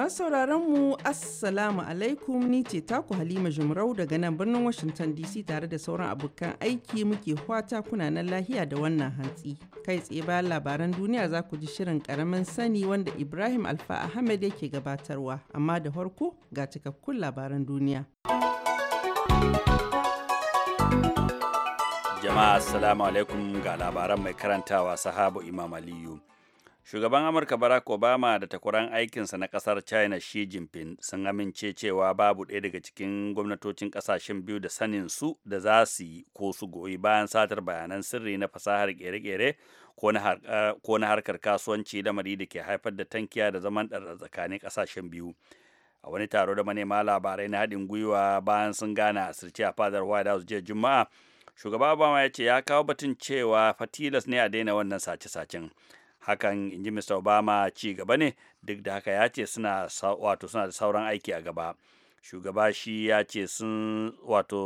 Masu sauraron mu Assalamu alaikum ni ce taku Halima Jumrau daga nan birnin Washington DC tare da sauran abokan aiki muke kwata kuna nan lahiya da wannan hantsi. Kai tsaye bayan labaran duniya za ku ji shirin karamin sani wanda Ibrahim Alfa Ahmed yake gabatarwa amma da farko ga cikakkun labaran duniya. Jama'a Assalamu alaikum ga labaran mai karantawa sahabu Imam Aliyu. shugaban amurka barack obama da takwaran aikinsa na kasar china xi jinping sun amince cewa babu ɗaya daga cikin gwamnatocin kasashen biyu da sanin su da za su yi ko su goyi bayan satar bayanan sirri na fasahar kere-kere eh, ko na harkar kasuwanci lamari da ke haifar da tankiya da zaman ɗarɗar tsakanin kasashen biyu a wani taro da manema labarai na haɗin gwiwa bayan sun gana a sirce a fadar white house jiya juma'a shugaba obama ya ce ya kawo batun cewa fatilas ne a daina wannan sace-sacen hakan in ji mr obama ci gaba ne duk da haka ya ce suna wato suna da sauran aiki a gaba shugaba shi ya ce sun wato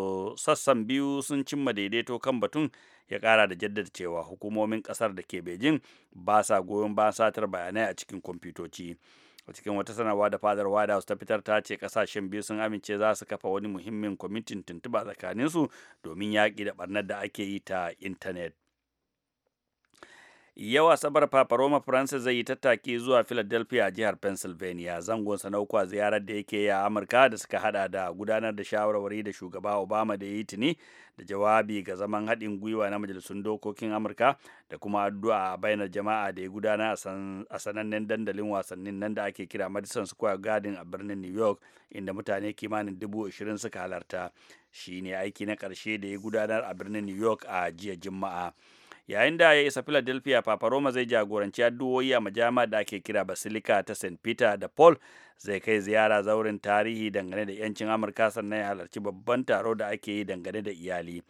sassan biyu sun cimma daidaito kan batun ya kara da jaddada cewa hukumomin kasar da ke beijing ba sa goyon ba satar bayanai a cikin kwamfutoci a cikin wata sanarwa da fadar wada ta fitar ta ce kasashen biyu sun amince za su kafa wani muhimmin kwamitin tuntuba tsakaninsu domin yaƙi da barnar da ake yi ta intanet yau asabar papa roma francis zai yi tattaki zuwa philadelphia a jihar pennsylvania zangon sanauka ziyarar da yake a amurka da suka hada da gudanar da shawarwari da shugaba obama da ya yi tuni da jawabi ga zaman haɗin gwiwa na majalisun dokokin amurka da kuma addu'a a bainar jama'a da ya gudana a sanannen dandalin wasannin nan da ake kira madison square garden a birnin new york inda mutane kimanin dubu ashirin suka halarta shi ne aiki na karshe da ya gudanar a birnin new york a jiya juma'a. yayin da ya isa philadelphia papa roma zai jagoranci addu'o'i a majama da ake kira basilica ta st peter da paul zai kai ziyara zaurin tarihi dangane da yancin amurka sannan ya halarci babban taro da ake yi dangane da iyali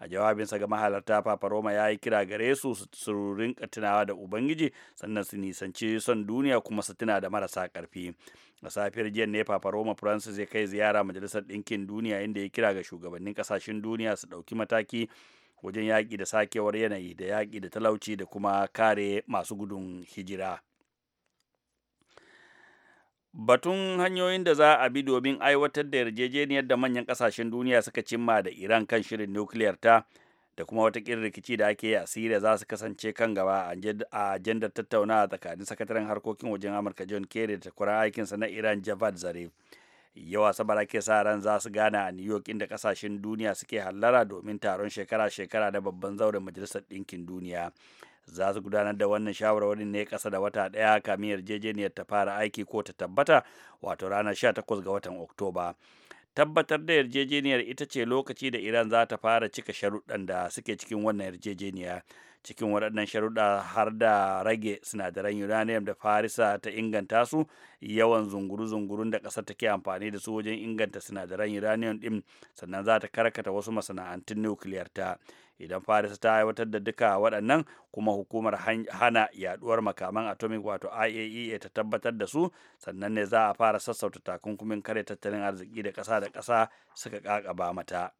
a jawabinsa ga mahalarta papa roma ya yi kira gare su su rinka tunawa da ubangiji sannan su nisanci son duniya kuma su tuna da marasa karfi a safiyar jiya ne papa roma francis zai kai ziyara majalisar ɗinkin duniya inda ya kira ga shugabannin ƙasashen duniya su ɗauki mataki wajen yaƙi da sakewar yanayi da yaƙi da talauci da kuma kare masu gudun hijira batun hanyoyin da za a bi domin aiwatar da yarjejeniyar da manyan ƙasashen duniya suka cimma da iran kan shirin nukiliyar ta da kuma wata rikici da ake yi a siriya za su kasance kan gaba a ajandar tattaunawa tsakanin sakataren harkokin wajen amurka john kerry da takwarar aikinsa na iran javad zarif yau asabar ake sa ran za su gana a new york inda kasashen duniya suke hallara domin taron shekara-shekara na babban zauren majalisar ɗinkin duniya za su gudanar da wannan shawarwarin ne ƙasa da wata ɗaya kamin yarjejeniyar ta fara aiki ko ta tabbata wato ranar takwas ga watan oktoba tabbatar da yarjejeniyar ita ce lokaci da iran za ta fara cika sharuɗan da suke cikin wannan yarjejeniya cikin waɗannan sharuɗa har da rage sinadaran uranium da farisa ta inganta su yawan zunguru-zungurun da ƙasar take amfani da su wajen inganta sinadaran uranium ɗin sannan za ta karkata wasu masana'antun nukiliyar ta idan farisa ta aiwatar da duka waɗannan kuma hukumar hana yaduwar makaman atomic wato iaea e ta tabbatar da su sannan ne za a fara sassauta takunkumin kare tattalin arziki da ƙasa da ƙasa suka ƙaƙaba mata.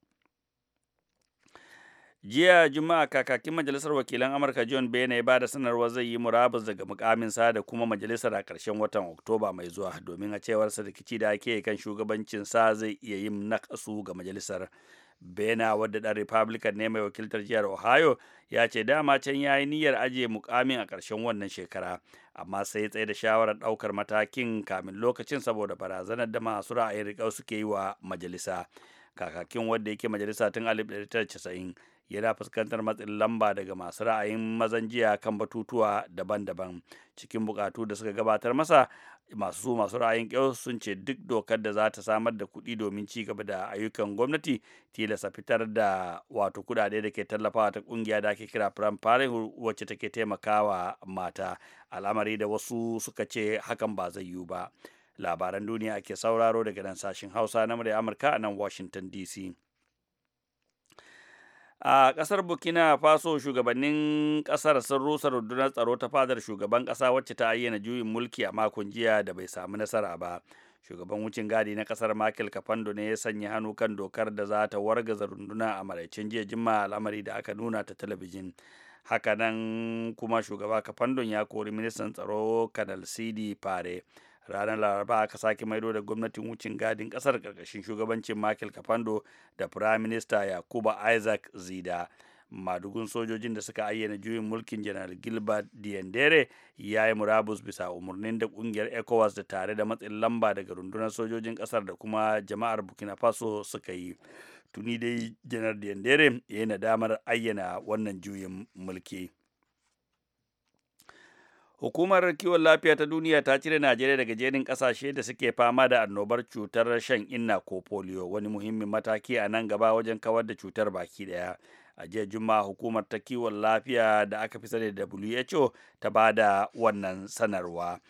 jiya juma'a kakakin majalisar wakilan amurka john Bena, ya da sanarwar zai yi murabus daga mukaminsa da kuma majalisar a ƙarshen watan oktoba mai zuwa domin a cewar rikici da ake kan shugabancin sa zai iya yin nakasu ga majalisar bena wadda ɗan republican ne mai wakiltar jihar ohio ya ce dama can ya yi niyyar ajiye mukamin a ƙarshen wannan shekara amma sai ya tsaye da shawarar ɗaukar matakin kamin lokacin saboda barazanar da masu ra'ayin riƙau suke yi wa majalisa kakakin wadda yake majalisa tun 1990 yana fuskantar matsin lamba daga masu ra'ayin mazan jiya kan batutuwa daban-daban cikin bukatu da suka gabatar masa masu su masu ra'ayin kyau sun ce duk dokar da za ta samar da kuɗi domin ci gaba da ayyukan gwamnati tilasta fitar da wato kuɗaɗe da ke tallafawa ta ƙungiya da ake kira Pram Parenthood wacce take taimakawa mata al'amari da wasu suka ce hakan ba zai yiwu ba labaran duniya ake sauraro daga nan sashen hausa na murya amurka a nan washington dc a kasar burkina faso shugabannin kasar sun rusa rundunar tsaro ta fadar shugaban kasa wacce ta ayyana juyin mulki a makon jiya da bai samu nasara ba shugaban wucin gadi na kasar michael kafando ne ya sanya hannu kan dokar da za ta wargaza runduna a maraicin jiya jimma al'amari da aka nuna ta talabijin hakanan kuma shugaba kafandon ya kori ministan tsaro kanal CD, fare ranar laraba aka sake maido da gwamnatin wucin gadin kasar karkashin shugabancin michael kafando da prime minister yakuba isaac zida madugun sojojin da suka ayyana juyin mulkin janar gilbert diandere ya yi murabus bisa umarnin da kungiyar ecowas da tare da matsin lamba daga rundunar sojojin kasar da kuma jama'ar burkina faso suka yi tuni dai janar diendere ya yi nadamar ayyana wannan juyin mulki Hukumar kiwon lafiya ta duniya ta cire Najeriya daga jerin ƙasashe da suke fama da annobar cutar shan inna ko polio wani muhimmin mataki a nan gaba wajen kawar da cutar baki ɗaya A jiya Juma'a hukumar ta kiwon lafiya da aka fi sani da WHO ta ba da wannan sanarwa.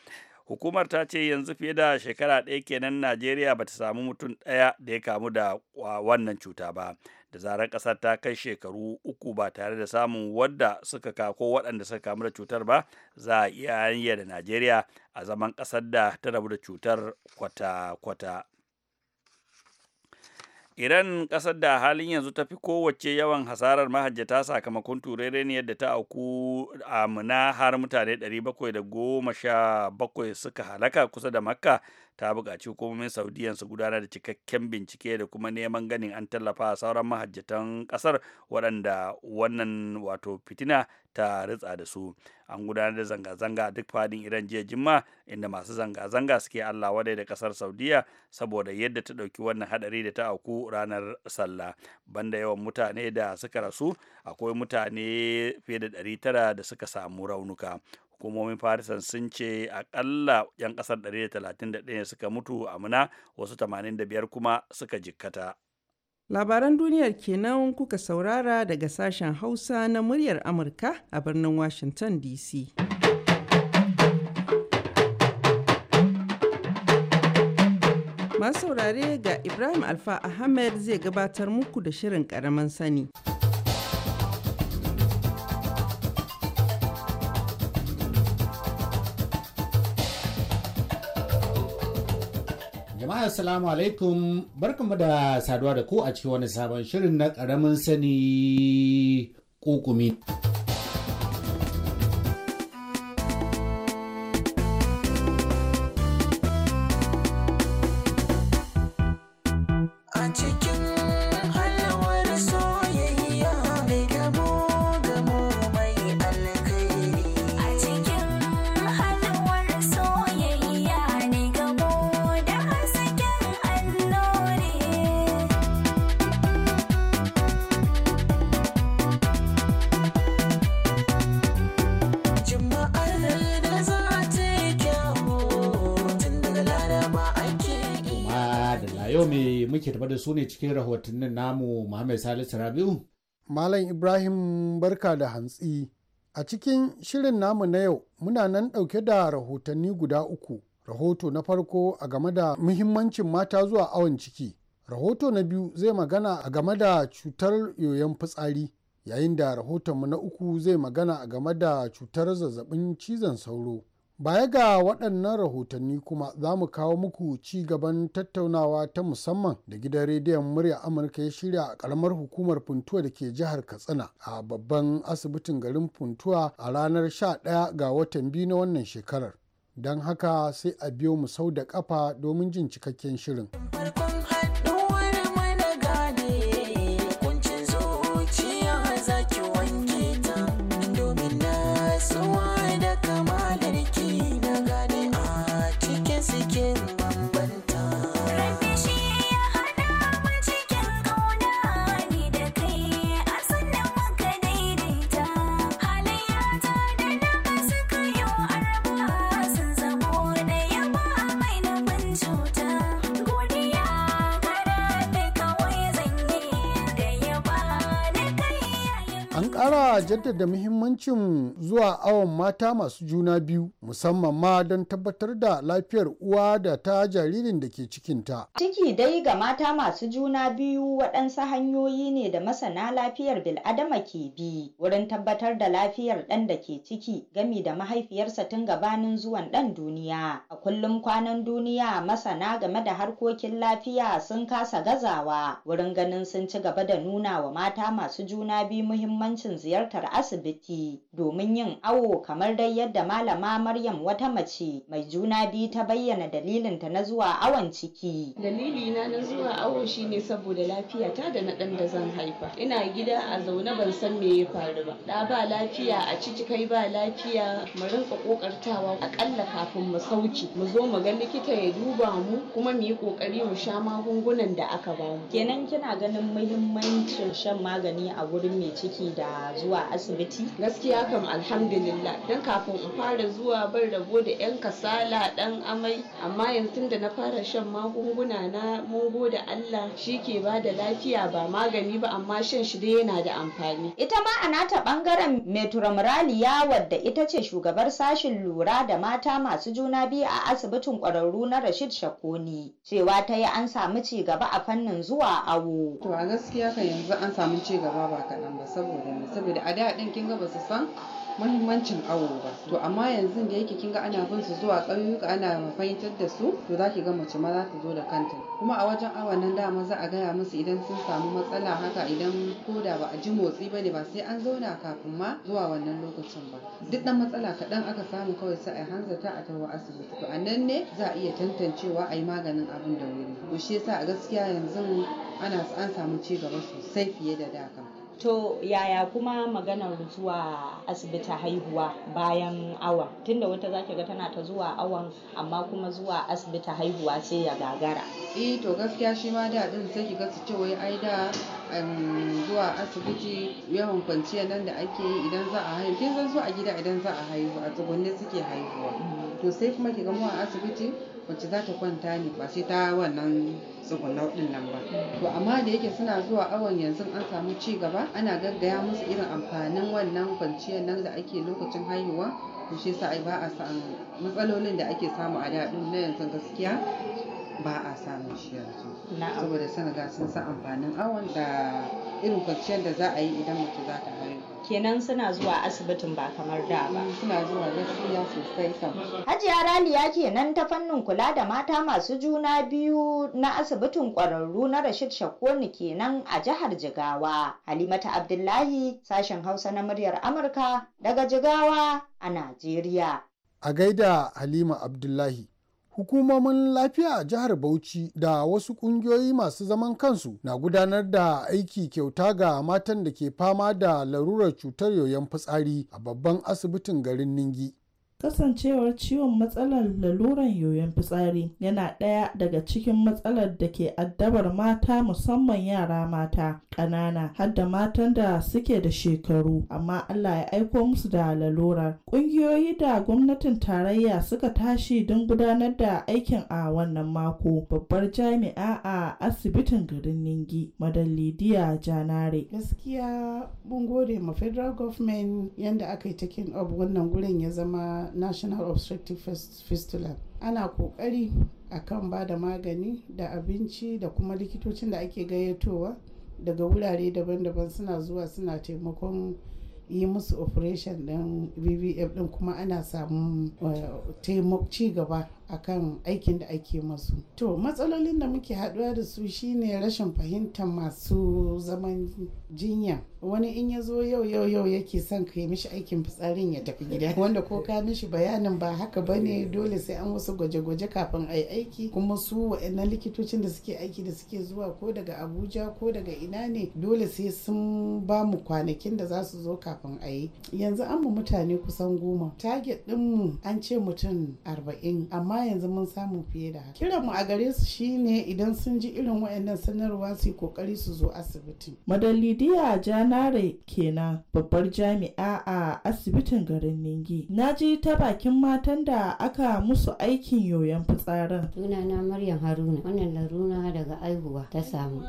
hukumar ta ce yanzu fiye da shekara ɗaya kenan najeriya bata samu mutum ɗaya da ya kamu da wannan cuta ba da zarar ƙasar ta kai shekaru uku ba tare da samun wadda suka ka ko waɗanda suka kamu da cutar ba za a iya da najeriya a zaman ƙasar da ta rabu da cutar kwata-kwata Iran ƙasar da halin yanzu ta fi kowace yawan hasarar mahajjata sakamakon turereniyar da ta auku a muna har mutane 717 suka halaka kusa da Makka ta buƙaci hukumomin saudiyan su gudanar da cikakken bincike da kuma neman ganin an tallafa a sauran mahajjatan ƙasar waɗanda wannan wato fitina ta ritsa da su an gudanar da zanga-zanga duk fadin iran jiya jimma inda masu zanga-zanga suke allah wadai da ƙasar saudiya saboda yadda ta ɗauki wannan haɗari da ta auku ranar sallah banda yawan mutane da suka rasu akwai mutane fiye da 900 da suka samu raunuka hukumomin farisan sun ce akalla 'yan kasar 131 suka mutu a muna wasu 85 kuma suka jikkata labaran duniyar kenan kuka saurara daga sashen hausa na muryar amurka a birnin washington dc masu saurare ga ibrahim alfa ahmed zai gabatar muku da shirin karamin sani assalamu alaikum barkanmu da saduwa da ku a cikin wani sabon shirin na ƙaramin sani ƙuƙumi. su ne cikin rahotannin namu Muhammad Salisu Rabiu. Malam Ibrahim barka da hantsi. A cikin shirin namu na yau muna nan ɗauke da rahotanni guda uku. Rahoto na farko a game da muhimmancin mata zuwa awon ciki. Rahoto na biyu zai magana a game da cutar yoyon fitsari. Yayin da rahotonmu na uku zai magana a game da cutar zazzabin cizon sauro. Baya ga waɗannan rahotanni kuma za mu kawo muku ci gaban tattaunawa ta musamman da gidan rediyon murya Amurka ya shirya a ƙaramar hukumar Funtuwa da ke jihar Katsina a babban asibitin garin Funtuwa a ranar 11 ga watan biyu na wannan shekarar. Don haka sai a biyo mu sau da ƙafa domin jin cikakken shirin. jaddada muhimmancin zuwa awon mata masu juna biyu musamman ma don tabbatar da lafiyar uwa da ta jaririn da ke cikinta. Ciki dai ga mata masu juna biyu waɗansu hanyoyi ne da masana lafiyar bil'adama ke bi wurin tabbatar da lafiyar ɗan da ke ciki gami da mahaifiyarsa tun gabanin zuwan ɗan duniya. A kullum kwanan duniya masana game da harkokin lafiya sun kasa gazawa wurin ganin sun ci gaba da nuna wa mata masu juna biyu muhimmancin ziyartar motar asibiti domin yin awo kamar dai yadda malama Maryam wata mace mai juna biyu ta bayyana dalilin ta na zuwa awon ciki. Dalili na na zuwa awo shine saboda lafiyata da na ɗan da zan haifa. Ina gida a zaune ban san me ya faru ba. Da ba lafiya a ciki kai ba lafiya mu rinka kokartawa akalla kafin mu sauki mu zo mu ga likita ya duba mu kuma mu yi kokari mu sha magungunan da aka ba mu. Kenan kina ganin muhimmancin shan magani a wurin mai ciki da zuwa asibiti gaskiya kam alhamdulillah dan kafin in fara zuwa bar rabo da yan kasala dan amai amma yanzu da na fara shan magunguna na mun gode Allah shi ke ba da lafiya ba magani ba amma shan shi dai yana da amfani ita ma a nata bangaren wadda ita ce shugabar sashin lura da mata masu juna biyu a asibitin kwararru na Rashid Shakoni cewa ta yi an samu ci gaba a fannin zuwa awo to a gaskiya kan yanzu an samu ci gaba ba kaɗan ba saboda saboda da din kinga ba su san muhimmancin awo ba to amma yanzu da yake kinga ana bin su zuwa ƙauyuka ana fahimtar da su to za ki ga mace ma za ta zo da kanta kuma a wajen awon nan dama za a gaya musu idan sun samu matsala haka idan ko da ba a ji motsi ba ne ba sai an zauna kafin ma zuwa wannan lokacin ba duk dan matsala kaɗan aka samu kawai sai a hanzarta a tawo asibiti to a nan ne za a iya tantancewa a yi maganin abin da wuri to shi yasa a gaskiya yanzu ana an samu ci gaba sosai fiye da da kan To yaya kuma maganar zuwa asibiti haihuwa bayan awa tunda wata zaki ga tana ta zuwa awan amma kuma zuwa asibiti haihuwa sai ya gagara. Eh to gaskiya shi ma da din sai kiga su wai ai da zuwa asibiti yawan kwanciya nan da ake yi idan za a haihu kin san su a gida idan za a haihu a tsugunne suke haihuwa. Mm. to sai kuma ki ga mu a asibiti wacce za ta kwanta ne ba sai ta wannan tsugunau din nan ba to amma da yake suna zuwa awon yanzu an samu ci gaba ana gaggaya musu irin amfanin wannan kwanciyar nan da ake lokacin haihuwa to shi yasa ai ba a samu matsalolin da ake samu a daɗin na yanzu gaskiya ba a samun shi yanzu saboda sun riga sun san amfanin awon da irin kwanciyar da za a yi idan mace za ta haihu kenan suna zuwa asibitin ba kamar da ba suna zuwa gaskiya sosai kam hajiya raliya kenan ta fannin kula da mata masu juna biyu na asibitin ƙwararru na rashid shakoni kenan a jihar jigawa halimata abdullahi sashen hausa na muryar amurka daga jigawa a najeriya a gaida halima abdullahi hukumomin lafiya a jihar bauchi da wasu kungiyoyi masu zaman kansu na gudanar da aiki kyauta ga matan da ke fama da larurar cutar yoyon fitsari a babban asibitin garin ningi kasancewar ciwon matsalar laluran yoyon fitsari yana ɗaya daga cikin matsalar da ke addabar mata musamman yara mata kanana har da matan da suke da shekaru amma Allah ya aiko musu da lalura. Ƙungiyoyi da gwamnatin tarayya suka tashi don gudanar da aikin a wannan mako babbar jami'a a asibitin garin Ningi madalidiya Janare. Gaskiya mun gode ma federal government yadda aka yi taking up wannan gurin ya zama National Obstructive Fistula. Ana kokari akan ba da magani da abinci da kuma likitocin da ake gayyatowa. daga wurare daban-daban suna zuwa suna taimakon yi musu operation din bbf din kuma ana samun eh, ci gaba akan aikin da ake masu to matsalolin da muke haduwa da su shine rashin fahimtar masu zaman jinya wani in ya zo yau yau yau yake son ka yi mishi aikin fitsarin ya tafi gida wanda ko ka mishi bayanin ba haka ba ne dole sai an wasu gwaje-gwaje kafin a yi aiki kuma su waɗannan likitocin da suke aiki da suke zuwa ko daga abuja ko daga ina ne dole sai sun ba mu kwanakin da za su zo kafin a yi yanzu an mu mutane kusan goma target ɗinmu an ce mutum arba'in amma amma yanzu mun samu fiye da haka kiran mu a gare su shine idan sun ji irin wayannan sanarwa su kokari su zo asibiti madalidiya janare kenan babbar jami'a a asibitin garin ningi na ji ta bakin matan da aka musu aikin yoyon fitsarin na maryam haruna wannan laruna daga aihuwa ta samu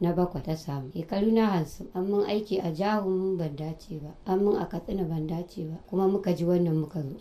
na bakwa ta samu shekaru na hansun an mun aiki a jahun ban dace ba an mun a katsina ban dace ba kuma muka ji wannan muka zo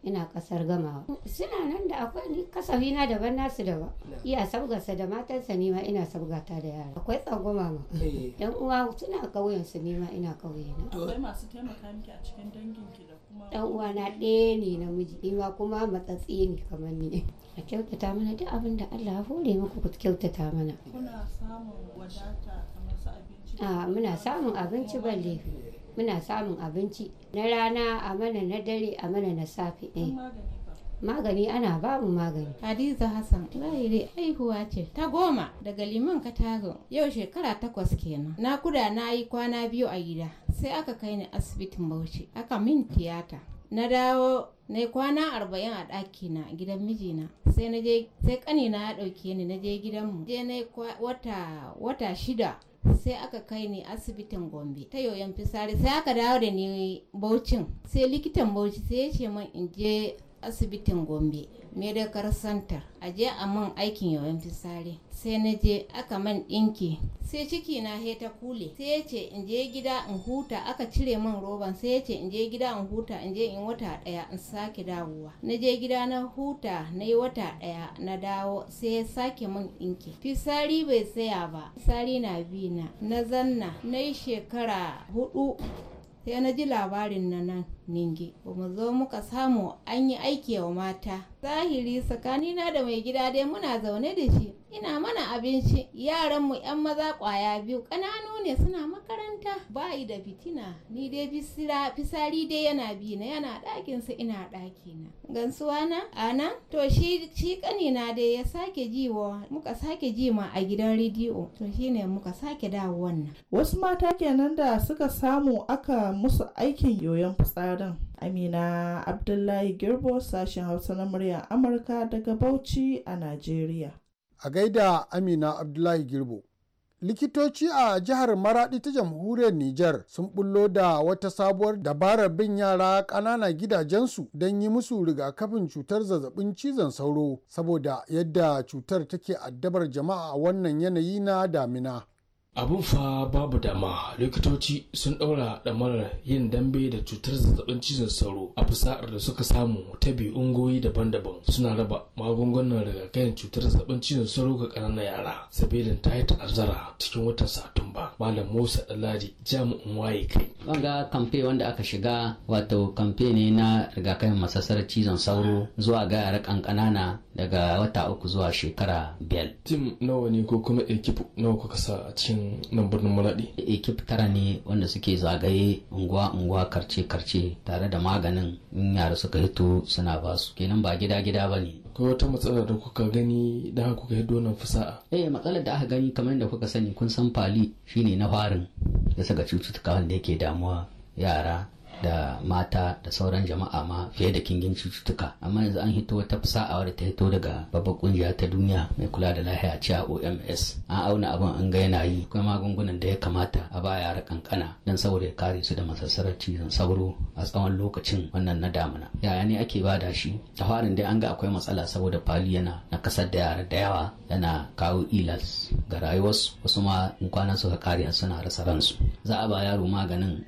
ina kasar gamawa suna nan da akwai ni kasafi na daban nasu ba iya sabgarsa da matansa ni ma ina sabgata da yara akwai tsangwama ma eh. yan uwa suna kauyen su ni ma ina kauye na akwai masu taimaka miki a cikin dangin ki da kuma dan uwa na ɗaya ne namiji ni ma kuma matsatsi ne kamar ni a kyautata mana duk abin da Allah ya hore muku ku kyautata mana kuna samun wadata kamar su abinci a muna samun abinci balle muna samun abinci na rana a mana na dare a mana na safe eh. magani ana babu magani. Hadiza Hassan lahiri haihuwa ce ta goma daga liman ka katago yau shekara takwas kenan. Na kuda na yi kwana biyu a gida sai aka kai ni asibitin Bauchi aka min tiyata. Na dawo na kwana arba'in a ɗakina gidan mijina sai na ƙanina ya ɗauke ni na je gidanmu je na wata shida sai aka kai ni asibitin gombe ta yoyon fisari sai aka dawo da ni baucin sai likitan bauchi sai ya ce min in je asibitin gombe medical center a je a man aikin yawan fisari sai na je aka man ɗinki sai ciki na heta kule sai ya ce in je gida in huta aka cire min roban sai ya ce in je gida in huta in je in wata ɗaya in sake dawowa na je gida na huta na yi wata ɗaya na dawo sai ya sake man ɗinki fisari bai tsaya ba fisari na bi na na zanna na yi shekara hudu sai na ji labarin na nan ninge ba mu zo muka samu an yi aiki wa mata zahiri tsakanina da mai gida dai muna zaune da shi ina mana abinci yaranmu 'yan maza ƙwaya biyu ƙananu ne suna makaranta ba yi da fitina ni dai bisira fisari dai yana bi na yana ɗakinsa ina ɗakina gansuwa na ana to shi shi kanina dai ya sake ji muka sake ji ma a gidan rediyo to shine muka sake dawo wannan wasu mata kenan da suka samu aka musu aikin yoyon fitsarin Amina Abdullahi Girbo sashen Hausa na muryar Amurka daga Bauchi a Najeriya. A gaida Amina Abdullahi Girbo. likitoci a jihar maradi ta jamhuriyar niger sun bullo da wata sabuwar dabarar bin yara ƙanana gidajensu don yi musu rigakafin cutar zazzabin cizon sauro saboda yadda cutar take addabar jama'a a wannan yanayi na damina abun fa babu dama likitoci sun ɗaura damarar yin dambe da cutar zazzabin cizon sauro a fasa'ar da suka samu ta bi ungoyi daban-daban suna raba magungunan rigakafin cutar zazzabin cizon sauro ga ƙananan yara sabilin ta yi ta'azzara cikin watan satumba malam musa ɗalari jami'in waye kai wanga kamfe wanda aka shiga wato kamfe ne na rigakafin masasar cizon sauro zuwa ga yara ƙanƙanana daga wata uku zuwa shekara biyar tim nawa ne ko kuma ekipu nawa kuka sa a cikin nan birnin maladi ekip tara ne wanda suke zagaye unguwa unguwa karce karce tare da maganin in yara suka hito suna basu kenan ba gida gida ba ne ko wata matsala da kuka gani da kuka yi nan fusa'a eh matsalar da aka gani kamar da kuka sani kun san fali shine na farin da saka cututtuka wanda yake damuwa yara da mata da sauran jama'a ma fiye da kingin cututtuka amma yanzu an hito wata a da ta hito daga babbar kungiya ta duniya mai kula da lahiya a OMS an auna abin an ga yana yi kuma magungunan da ya kamata a ba yara kankana don saboda ya kare su da masassarar cizon sauro a tsawon lokacin wannan na damuna yaya ne ake bada shi da farin dai an ga akwai matsala saboda fali yana na kasar da yara da yawa yana kawo ilas ga rayuwarsu wasu ma in kwana suka kare suna rasa ransu za a ba yaro maganin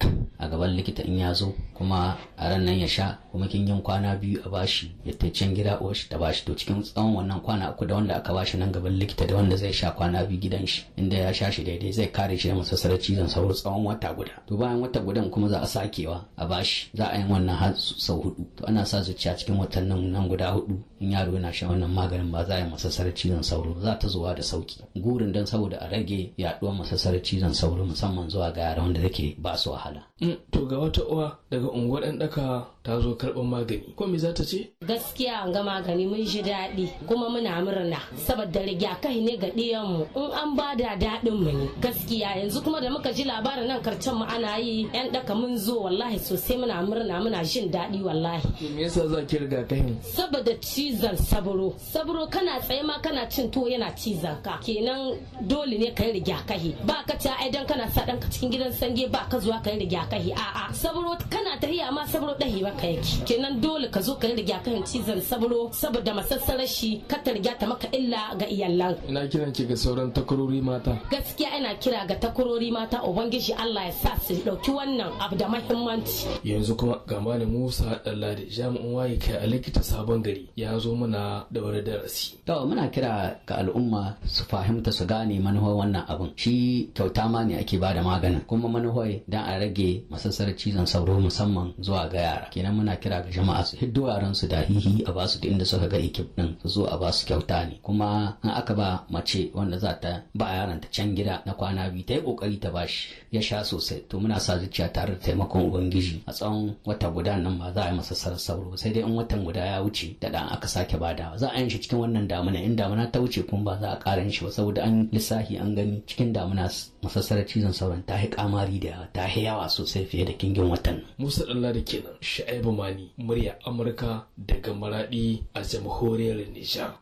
a gaban likita in ya zo kuma a ran ya sha kuma kin yin kwana biyu a bashi ya ta can gida uwar shi ta bashi to cikin tsawon wannan kwana uku da wanda aka bashi nan gaban likita da wanda zai sha kwana biyu gidan shi inda ya sha shi daidai zai kare shi da masassarar cizon sauro tsawon wata guda to bayan wata gudan kuma za a sakewa a bashi za a yi wannan har sau hudu to ana sa zuciya cikin watannin nan guda hudu in yaro yana shan wannan maganin ba za a yi masassarar cizon sauro za ta zuwa da sauki gurin dan saboda a rage yaduwar masassarar cizon sauro musamman zuwa ga yara da take ba su wahala mm, to ga wata uwa daga unguwar ɗan ɗaka ta zo karɓar magani ko me za ta ce gaskiya ga magani mun ji daɗi kuma muna murna saboda rigakahi ne ga mu in an ba da daɗin mu ne gaskiya yanzu kuma da muka ji labarin nan karcen mu ana yi ɗan ɗaka mun zo wallahi sosai muna murna muna jin daɗi wallahi me yasa za ki rigakafin saboda cizon sabro sabro kana tsaye ma kana cin tuwo yana cizon ka kenan dole ne ka yi kai ba ka ta aidan kana sa ɗanka cikin gidan sange ba ka zuwa ka yi kai a'a saburo kana tahiya ma sabro dahi maka yake kenan dole ka zo ka riga kan cizon sabro saboda masassarar shi ka ta ta maka illa ga iyalan ina kiran ki ga sauran takurori mata gaskiya ina kira ga takurori mata ubangiji Allah ya sa su dauki wannan abu da muhimmanci yanzu kuma ga malam Musa Dallade jami'in waye kai a likita sabon gari ya zo mana da wani darasi to muna kira ga al'umma su fahimta su gane manuwar wannan abun shi kyauta ma ne ake ba da maganin kuma manuwar dan a rage masassarar cizon sauro musa. musamman zuwa ga yara kenan muna kira ga jama'a su hiddo yaran su da hihi a basu da inda suka ga ekip din su zo a basu kyauta ne kuma in aka ba mace wanda za ta ba yaran ta can gida na kwana biyu ta yi kokari ta bashi ya sha sosai to muna sa zuciya tare da taimakon ubangiji a tsawon wata guda nan ba za a yi masa sarar sauro sai dai in watan guda ya wuce da dan aka sake badawa za a yi shi cikin wannan damuna in damuna ta wuce kuma ba za a ƙara shi ba saboda an lissafi an gani cikin damuna masassarar cizon sauran ta yi kamari da yawa ta yi yawa sosai fiye da kingin watan musa dalla da kenan sha'ibu mani murya amurka daga maradi a jamhuriyar nijar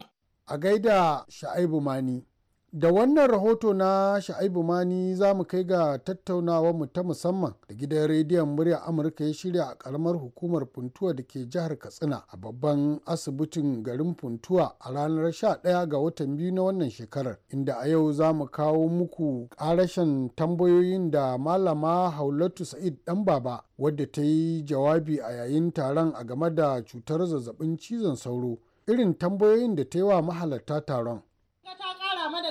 a gaida sha'ibu mani Da wannan rahoto na Sha'ibu Mani za mu kai ga tattaunawa mu ta musamman da gidan rediyon murya Amurka ya shirya a karamar hukumar Funtuwa da ke jihar Katsina a babban asibitin garin Funtuwa a ranar 11 ga watan biyu na wannan shekarar. Inda a yau za mu kawo muku karashen tambayoyin da malama Haulatu Sa'id dan baba wadda ta yi jawabi a yayin taron a game da cutar zazzabin cizon sauro irin tambayoyin da ta yi wa mahalarta taron.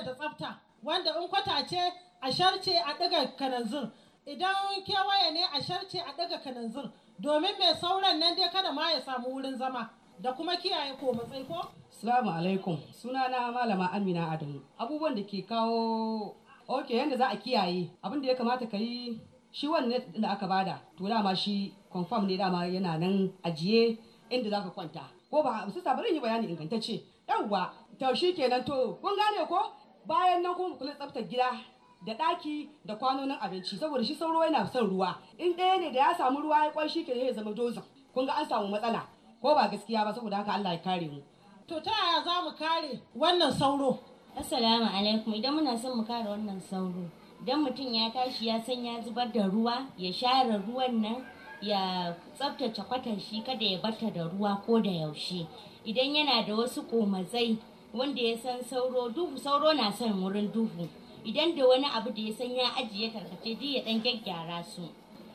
yana da tsafta wanda in kwata ce a sharce a ɗiga kananzir idan kewaye ne a sharce a ɗaga kananzir domin mai sauran nan dai kada ma ya samu wurin zama da kuma kiyaye ko matsayi ko. Salamu alaikum na malama Amina Adamu abubuwan da ke kawo ok yadda za a kiyaye abin da ya kamata ka yi shi wannan da aka bada to dama shi confirm ne dama yana nan ajiye inda za ka kwanta ko ba su sabarin yi bayani ingantacce yawwa taushi kenan to kun gane ko bayan nan kuma kula tsaftar gida da ɗaki da kwanonin abinci saboda shi sauro yana son ruwa in ɗaya ne da ya samu ruwa ya kwan ke ya zama dozan kun ga an samu matsala ko ba gaskiya ba saboda haka Allah ya kare mu to ta yaya za mu kare wannan sauro assalamu alaikum idan muna son mu kare wannan sauro idan mutum ya tashi ya san ya zubar da ruwa ya share ruwan nan ya tsaftace kwatan shi kada ya barta da ruwa ko da yaushe idan yana da wasu komazai wanda ya san sauro duhu sauro na son wurin duhu idan da wani abu da ya san ya ajiye tarkace ji ya dan gyaggyara su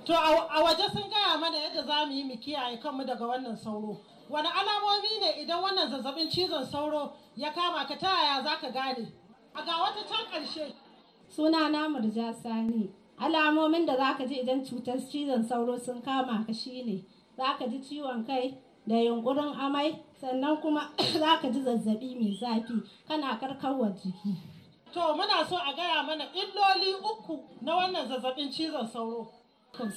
to a waje sun gaya mana yadda za mu yi mu kiyaye kanmu daga wannan sauro wani alamomi ne idan wannan zazzabin cizon sauro ya kama ka ta yaya za ka gane a ga wata can ƙarshe suna na murja sani alamomin da za ka ji idan cutar cizon sauro sun kama ka shine za ka ji ciwon kai da yunƙurin amai sannan kuma za ka ji zazzabi mai zafi kana karkarwa jiki to muna so a gaya mana illoli uku na wannan zazzabin cizon sauro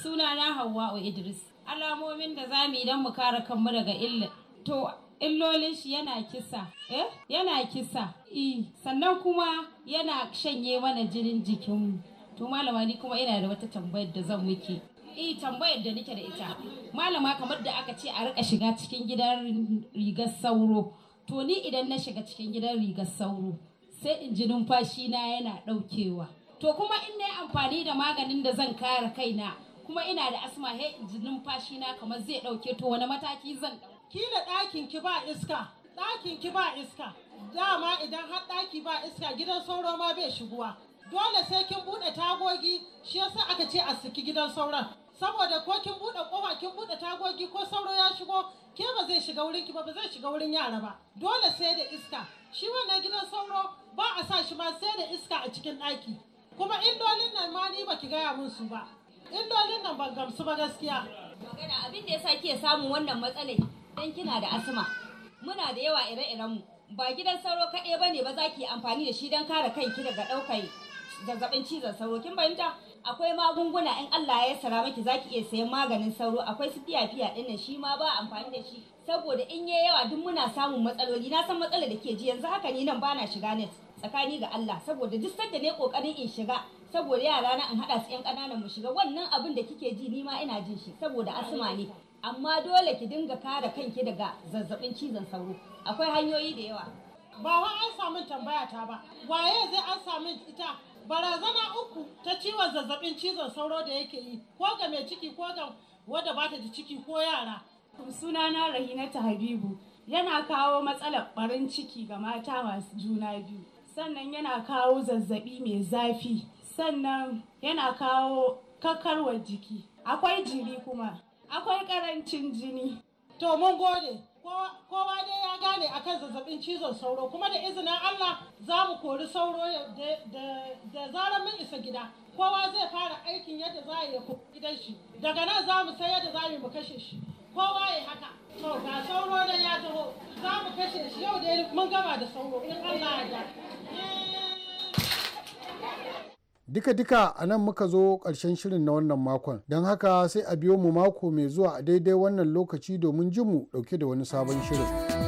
suna na wa idris alamomin da za mu yi mu kare kanmu daga illa to illolin shi yana kisa eh yana kisa i sannan kuma yana shanye mana jinin jikinmu to malama ni kuma ina da wata tambayar da zan muke eh tambayar da nake da ita malama kamar da aka ce a rika shiga cikin gidan rigar sauro to ni idan na shiga cikin gidan rigar sauro sai in ji numfashi na yana daukewa to kuma in na yi amfani da maganin da zan kare kaina kuma ina da asma he in ji numfashi na kamar zai dauke to wani mataki zan kila ɗakin ki ba iska ɗakin ki ba iska dama idan har ɗaki ba iska gidan sauro ma bai shiguwa dole sai kin buɗe tagogi shi yasa aka ce a saki gidan sauran saboda ko kin bude kofa kin bude tagogi ko sauro ya shigo ke ba zai shiga wurin ki ba ba zai shiga wurin yara ba dole sai da iska shi wannan gidan sauro ba a sa shi ma sai da iska a cikin ɗaki kuma indolin nan ma ni baki gaya mun su ba indolin nan ban gamsu ba gaskiya magana abin da yasa kike samu wannan matsalai dan kina da asma muna da yawa ire-iren mu ba gidan sauro kaɗai ne ba za ki amfani da shi don kare kanki daga ɗaukar zazzaɓin cizon sauro kin fahimta akwai magunguna in Allah ya sara miki zaki iya sayan maganin sauro akwai su fiya fiya nan shi ma ba amfani da shi saboda in yayi yawa duk muna samun matsaloli na san matsalar da ke ji yanzu haka ni nan bana shiga net tsakani ga Allah saboda duk sanda ne kokarin in shiga saboda yara na in hada su yan kananan mu shiga wannan abin da kike ji ni ma ina jin shi saboda asma ne amma dole ki dinga kare kanki daga zazzabin cizon sauro akwai hanyoyi da yawa ba wa an samu tambaya ta ba waye zai an samu ita barazana uku ta ciwon zazzabin cizon sauro da yake yi ko ga mai ciki ko ga wadda ba ta da ciki ko yara na rahinata habibu yana kawo matsalar barin ciki ga mata masu juna biyu sannan yana kawo zazzabi mai zafi sannan yana kawo kakarwar jiki akwai jiri kuma akwai karancin jini to mun gode kowa dai ya gane akan zazzabin cizon sauro kuma da izinin Allah za mu kori sauro da zarar mun isa gida kowa zai fara aikin yadda za a yi gidan shi daga nan za mu sai yadda za mu kashe shi kowa ya haka to ga sauro da ya taho za mu kashe shi yau dai mun gama da sauro in Allah ya Duka-duka a nan muka zo ƙarshen shirin na wannan makon, don haka sai a biyo mu mako mai zuwa a daidai wannan lokaci domin jin mu ɗauke da wani sabon shirin.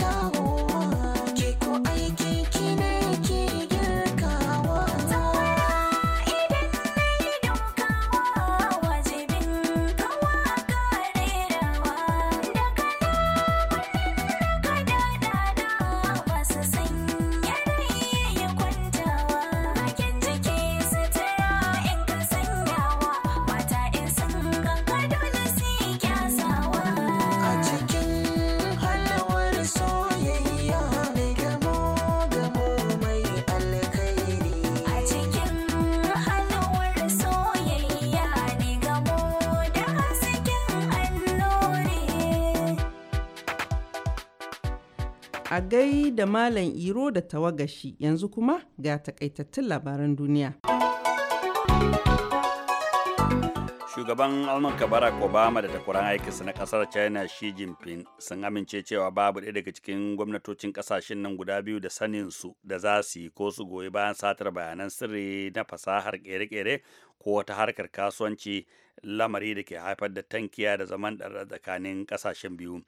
a gai da Malam Iro da tawagashi yanzu kuma ga takaitattun labaran duniya. Shugaban almanka Barack Obama da takwaran aikinsa na kasar China Xi Jinping sun amince cewa babu ɗaya daga cikin gwamnatocin kasashen nan guda biyu da saninsu da za su yi ko su goyi bayan satar bayanan sirri na fasahar kere-kere ko wata harkar kasuwanci lamari da ke haifar da tankiya da zaman ɗara tsakanin ƙasashen biyu.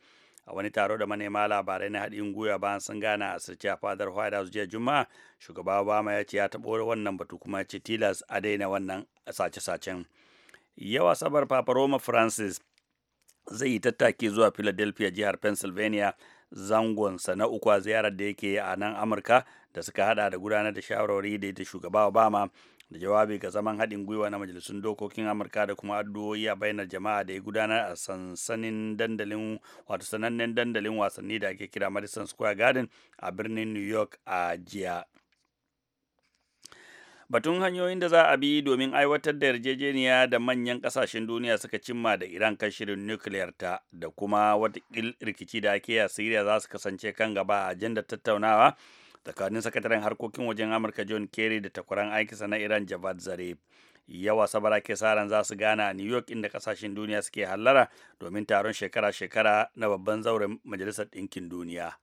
a wani taro da manema labarai na haɗin gwiwa bayan sun gana a sirce a fadar white house jiya juma'a shugaba obama ya ce ya taɓo wannan batu kuma ya ce tilas a daina wannan sace-sacen yawa sabar papa roma francis zai yi tattaki zuwa philadelphia jihar pennsylvania zangonsa na uku a ziyarar da yake a nan amurka da suka hada da gudanar da shawarwari da ita shugaba obama da jawabi ga zaman haɗin gwiwa na majalisun dokokin amurka da kuma addu'o'i a bayanar jama'a da ya gudanar a sansanin dandalin wato sanannen dandalin wasanni da ake kira madison square garden a birnin new york a jiya batun hanyoyin da za a bi domin aiwatar da yarjejeniya da manyan kasashen duniya suka cimma da iran kan shirin nukiliyar ta da kuma wata rikici da ake a siriya za su kasance kan gaba a ajandar tattaunawa tsakanin sakataren harkokin wajen amurka john kerry da takwaran aikinsa na iran javad zarif yawa sabara ke saran za su gana a new york inda kasashen duniya suke hallara domin taron shekara-shekara na babban zauren majalisar ɗinkin duniya